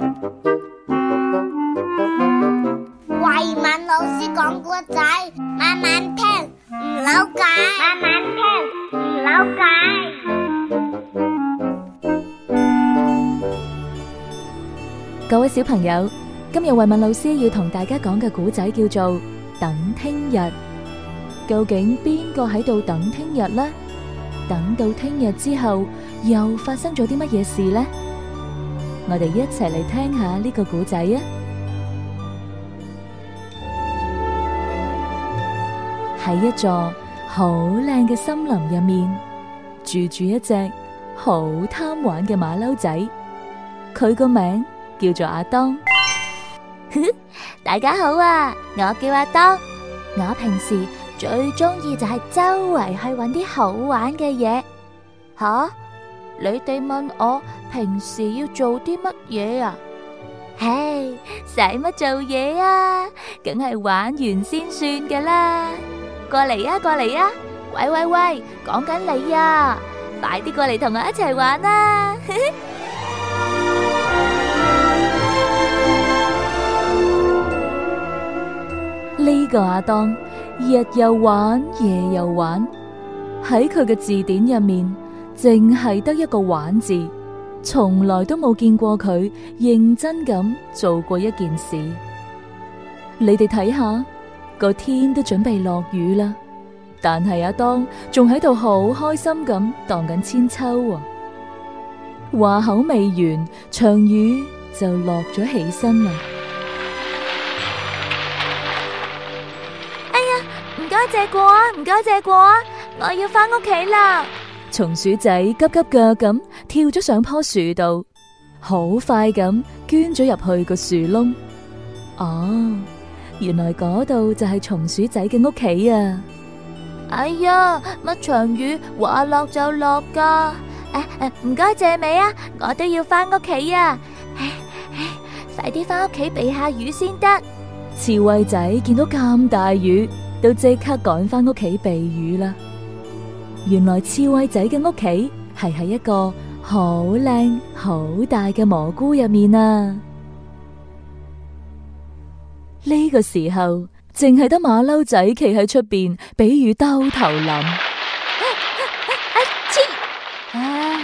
慧敏老師講古仔，慢慢聽，唔扭計。慢慢聽，唔扭計。各位小朋友，今日慧敏老師要同大家講嘅古仔叫做《等聽日》，究竟邊個喺度等聽日呢？等到聽日之後，又發生咗啲乜嘢事呢？我哋一齊嚟聽下呢個古仔啊！喺一座好靚嘅森林入面，住住一隻好貪玩嘅馬騮仔，佢個名叫做阿當。大家好啊，我叫阿當，我平時最中意就係周圍去搵啲好玩嘅嘢，吓。你哋問我平時要做啲乜嘢啊？唉，使乜做嘢啊？梗係玩完先算噶啦！過嚟啊，過嚟啊！喂喂喂，講緊你啊！快啲過嚟同我一齊玩啦，啊！呢 個阿當，日又玩，夜又玩，喺佢嘅字典入面，淨係得一個玩字，從來都冇見過佢認真咁做過一件事。你哋睇下，個天都準備落雨啦，但係阿當仲喺度好開心咁盪緊千秋啊！話口未完，場雨就落咗起身啦。哎呀，唔該借過啊，唔該借過啊，我要返屋企啦。松鼠仔急急腳咁跳咗上棵樹度，好快咁捐咗入去個樹窿。哦，原來嗰度就係松鼠仔嘅屋企啊！哎呀，乜場雨話落就落噶。唔該借尾啊，我都要翻屋企啊，快啲翻屋企避下雨先得。刺猬仔見到咁大雨，都即刻趕翻屋企避雨啦。原來刺猬仔嘅屋企係喺一個好靚好大嘅蘑菇入面啊！呢個時候淨係得馬騮仔企喺出邊，俾雨兜頭淋。哎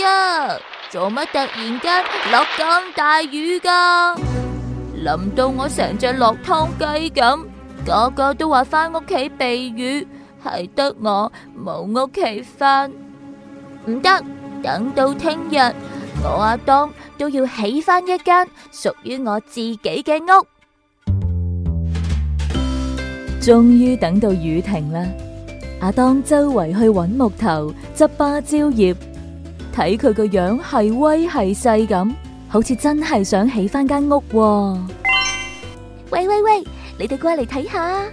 呀，做乜突然間落咁大雨噶？淋到我成隻落湯雞咁，個個都話翻屋企避雨。係得我冇屋企翻，唔得！等到聽日，我阿當都要起翻一間屬於我自己嘅屋。終於等到雨停啦，阿當周圍去揾木頭、執芭蕉葉，睇佢個樣係威係勢咁，好似真係想起翻間屋。喂喂喂，你哋過嚟睇下。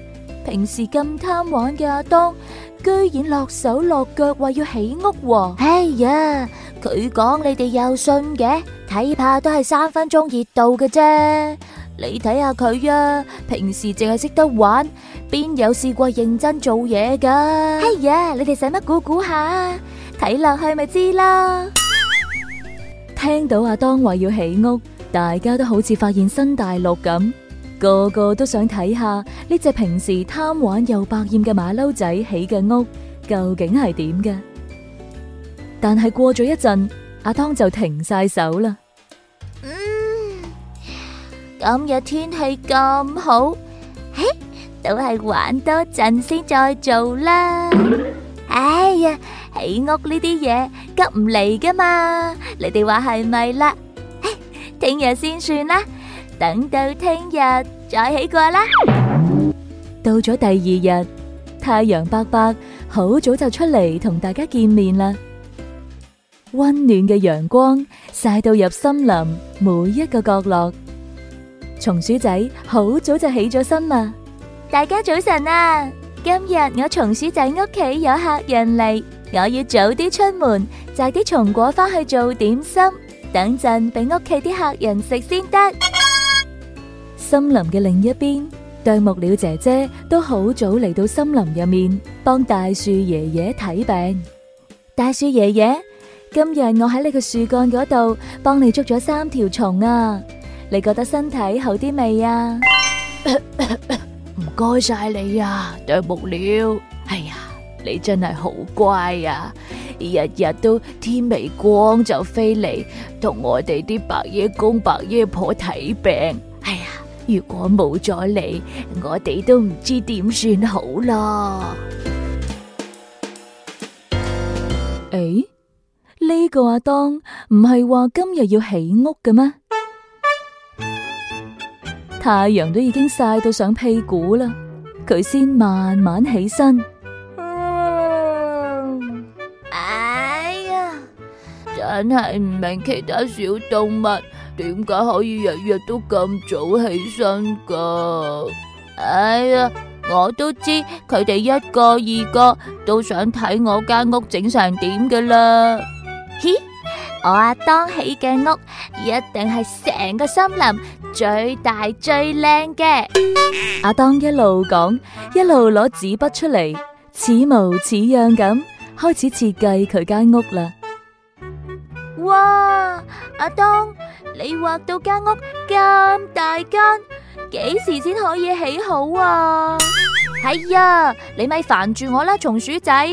平時咁貪玩嘅阿當，居然落手落腳話要起屋喎，哎呀！佢講你哋又信嘅，睇怕都係三分鐘熱度嘅啫。你睇下佢啊，平時淨係識得玩，邊有試過認真做嘢噶？哎呀、hey, yeah,，你哋使乜估估下？睇落去咪知啦！聽到阿當話要起屋，大家都好似發現新大陸咁。個個都想睇下呢隻平時貪玩又百厭嘅馬騮仔起嘅屋究竟係點嘅？但係過咗一陣，阿湯就停晒手啦、嗯。今日天，天氣咁好，嘿，都係玩多陣先再做啦。 哎呀，起屋呢啲嘢急唔嚟噶嘛，你哋話係咪啦？聽日先算啦。等到聽日再起過啦。到咗第二日，太陽伯伯好早就出嚟同大家見面啦。溫暖嘅陽光曬到入森林每一個角落，松鼠仔好早就起咗身啦。大家早晨啊！今日我松鼠仔屋企有客人嚟，我要早啲出門摘啲松果返去做點心，等陣俾屋企啲客人食先得。森林嘅另一邊，啄木鳥姐姐都好早嚟到森林入面幫大樹爺爺睇病。大樹爺爺，今日我喺呢個樹幹嗰度幫你捉咗三條蟲啊！你覺得身體好啲未啊？唔該晒你啊，啄木鳥。哎呀，你真係好乖啊！日日都天未光就飛嚟同我哋啲白爺公、白爺婆睇病。哎呀！如果冇咗你，我哋都唔知點算好啦。誒，呢個阿當唔係話今日要起屋㗎咩？太陽都已經曬到上屁股啦，佢先慢慢起身。哎呀，真係唔明其他小動物。點解可以日日都咁早起身噶？哎呀，我都知佢哋一個二個都想睇我間屋整成點噶啦。嘻，我阿當起嘅屋一定係成個森林最大最靚嘅。阿當一路講，一路攞紙筆出嚟，似模似樣咁開始設計佢間屋啦。哇，阿當！你畫到間屋咁大間，幾時先可以起好啊？係、哎、呀，你咪煩住我啦，松鼠仔！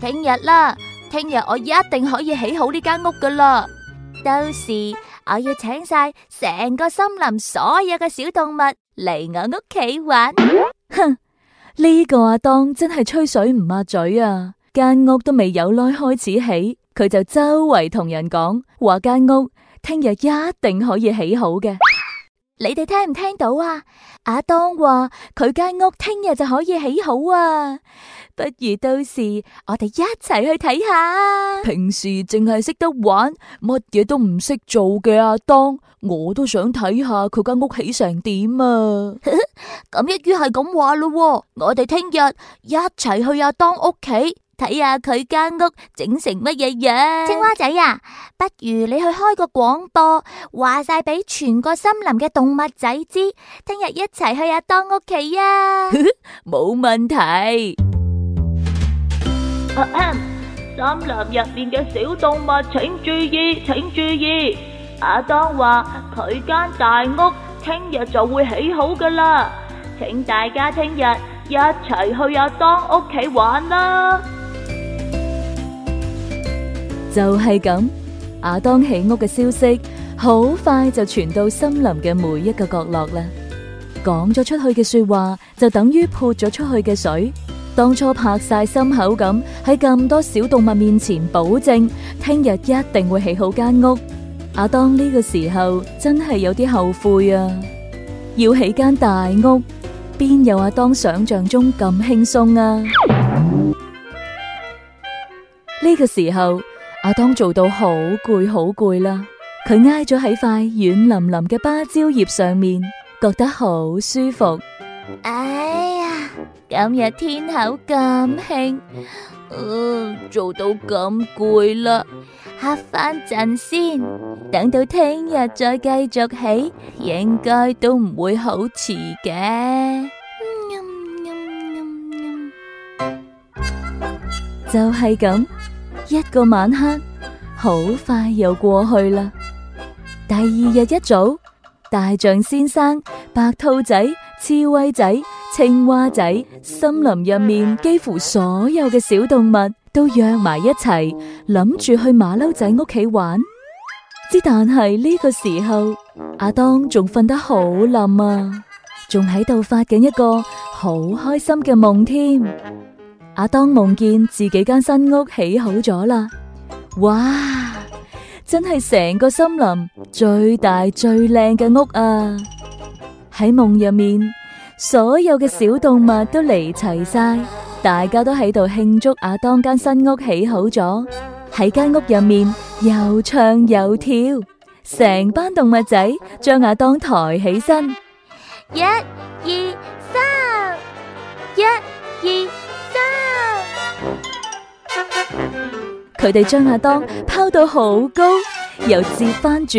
聽日啦，聽日我一定可以起好呢間屋噶啦。到時我要請晒成個森林所有嘅小動物嚟我屋企玩。哼，呢、這個阿當真係吹水唔抹嘴啊！間屋都未有耐開始起，佢就周圍同人講話間屋。聽日一定可以起好嘅，你哋聽唔聽到啊？阿當話佢間屋聽日就可以起好啊，不如到時我哋一齊去睇下啊。平時淨係識得玩，乜嘢都唔識做嘅阿當，我都想睇下佢間屋起成點啊！咁一於係咁話咯，我哋聽日一齊去阿當屋企。睇下佢間屋整成乜嘢樣，青蛙仔呀！不如你去開個廣播，話晒俾全個森林嘅動物仔知，聽日一齊去阿當屋企呀！冇問題。森林入面嘅小動物，請注意，請注意，阿當話佢間大屋聽日就會起好㗎喇，請大家聽日一齊去阿當屋企玩啦。就係咁，阿當起屋嘅消息好快就傳到森林嘅每一個角落啦。講咗出去嘅說話就等於潑咗出去嘅水，當初拍晒心口咁喺咁多小動物面前保證聽日一定會起好間屋，阿當呢個時候真係有啲後悔啊！要起間大屋，邊有阿當想象中咁輕鬆啊？呢個時候。阿當做到好攰好攰啦，佢挨咗喺塊軟腍腍嘅芭蕉葉上面，覺得好舒服。哎呀，今日天口咁興，嗯，做到咁攰啦，歇翻陣先，等到聽日再繼續起，應該都唔會好遲嘅。嗯嗯嗯嗯嗯、就係咁。一個晚黑，好快又過去啦。第二日一早，大象先生、白兔仔、刺蝟仔、青蛙仔，森林入面幾乎所有嘅小動物都約埋一齊，諗住去馬騮仔屋企玩。之但係呢個時候，阿當仲瞓得好冧啊，仲喺度發緊一個好開心嘅夢添。阿當夢見自己間新屋起好咗啦，哇！真係成個森林最大最靚嘅屋啊！喺夢入面，所有嘅小動物都嚟齊晒，大家都喺度慶祝阿當間新屋起好咗。喺間屋入面又唱又跳，成班動物仔將阿當抬起身，一、二、三，一、二。佢哋將阿當拋到好高，又折翻住，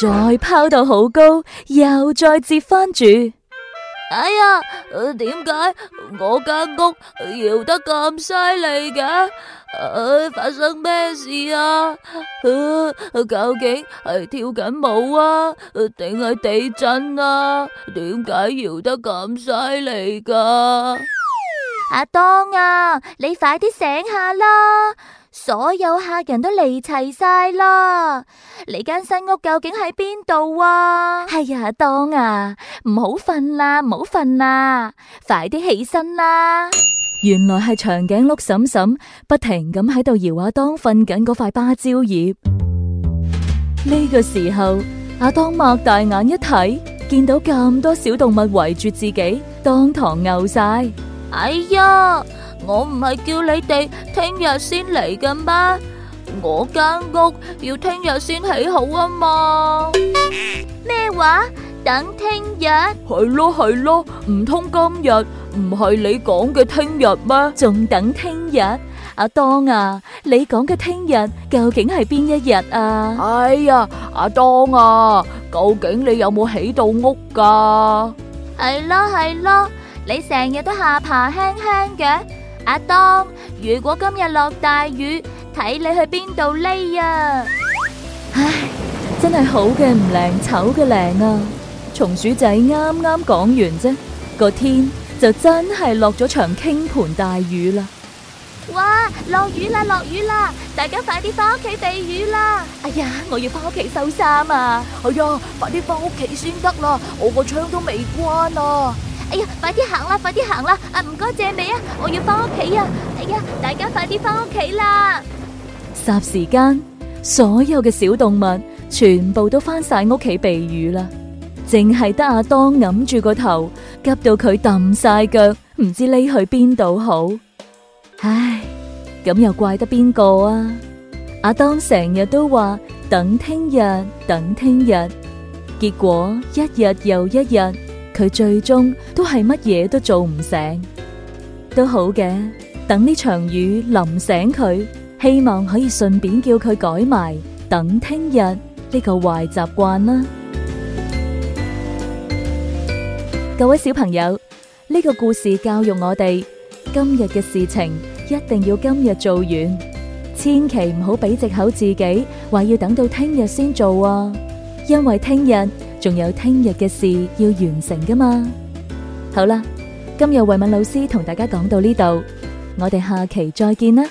再拋到好高，又再折翻住。哎呀，呃，點解我間屋搖得咁犀利嘅？誒、呃，發生咩事啊？呃，究竟係跳緊舞啊，定係地震啊？點解搖得咁犀利噶？阿當啊，你快啲醒下啦！所有客人都嚟齊晒啦，你間新屋究竟喺邊度啊？係呀、哎，阿當啊，唔好瞓啦，唔好瞓啦，快啲起身啦！原來係長頸鹿嬸嬸不停咁喺度搖阿當瞓緊嗰塊芭蕉葉。呢個時候，阿當擘大眼一睇，見到咁多小動物圍住自己，當堂牛晒。哎呀，我唔係叫你哋聽日先嚟㗎咩？我間屋要聽日先起好啊嘛。咩話？等聽日？係咯係咯，唔通今日唔係你講嘅聽日咩？仲等聽日？阿當啊，你講嘅聽日究竟係邊一日啊？哎呀，阿當啊，究竟你有冇起到屋噶？係咯係咯。你成日都下巴輕輕嘅，阿當，如果今日落大雨，睇你去邊度匿啊！唉，真係好嘅唔靚，醜嘅靚啊！松鼠仔啱啱講完啫，個天就真係落咗場傾盆大雨啦！哇，落雨啦，落雨啦！大家快啲翻屋企避雨啦！哎呀，我要翻屋企收衫啊！係呀，快啲翻屋企先得啦，我個窗都未關啊！哎呀，快啲行啦，快啲行啦！啊，唔該借尾啊，我要翻屋企啊！哎呀，大家快啲翻屋企啦！霎時間，所有嘅小動物全部都翻晒屋企避雨啦，淨係得阿當揞住個頭，急到佢揼晒腳，唔知匿去邊度好。唉，咁又怪得邊個啊？阿當成日都話等聽日，等聽日，結果一日又一日。佢最終都係乜嘢都做唔醒，都好嘅。等呢場雨淋醒佢，希望可以順便叫佢改埋等聽日呢個壞習慣啦。 各位小朋友，呢、這個故事教育我哋，今日嘅事情一定要今日做完，千祈唔好俾藉口自己話要等到聽日先做啊，因為聽日。仲有聽日嘅事要完成㗎嘛？好啦，今日慧敏老師同大家講到呢度，我哋下期再見啦。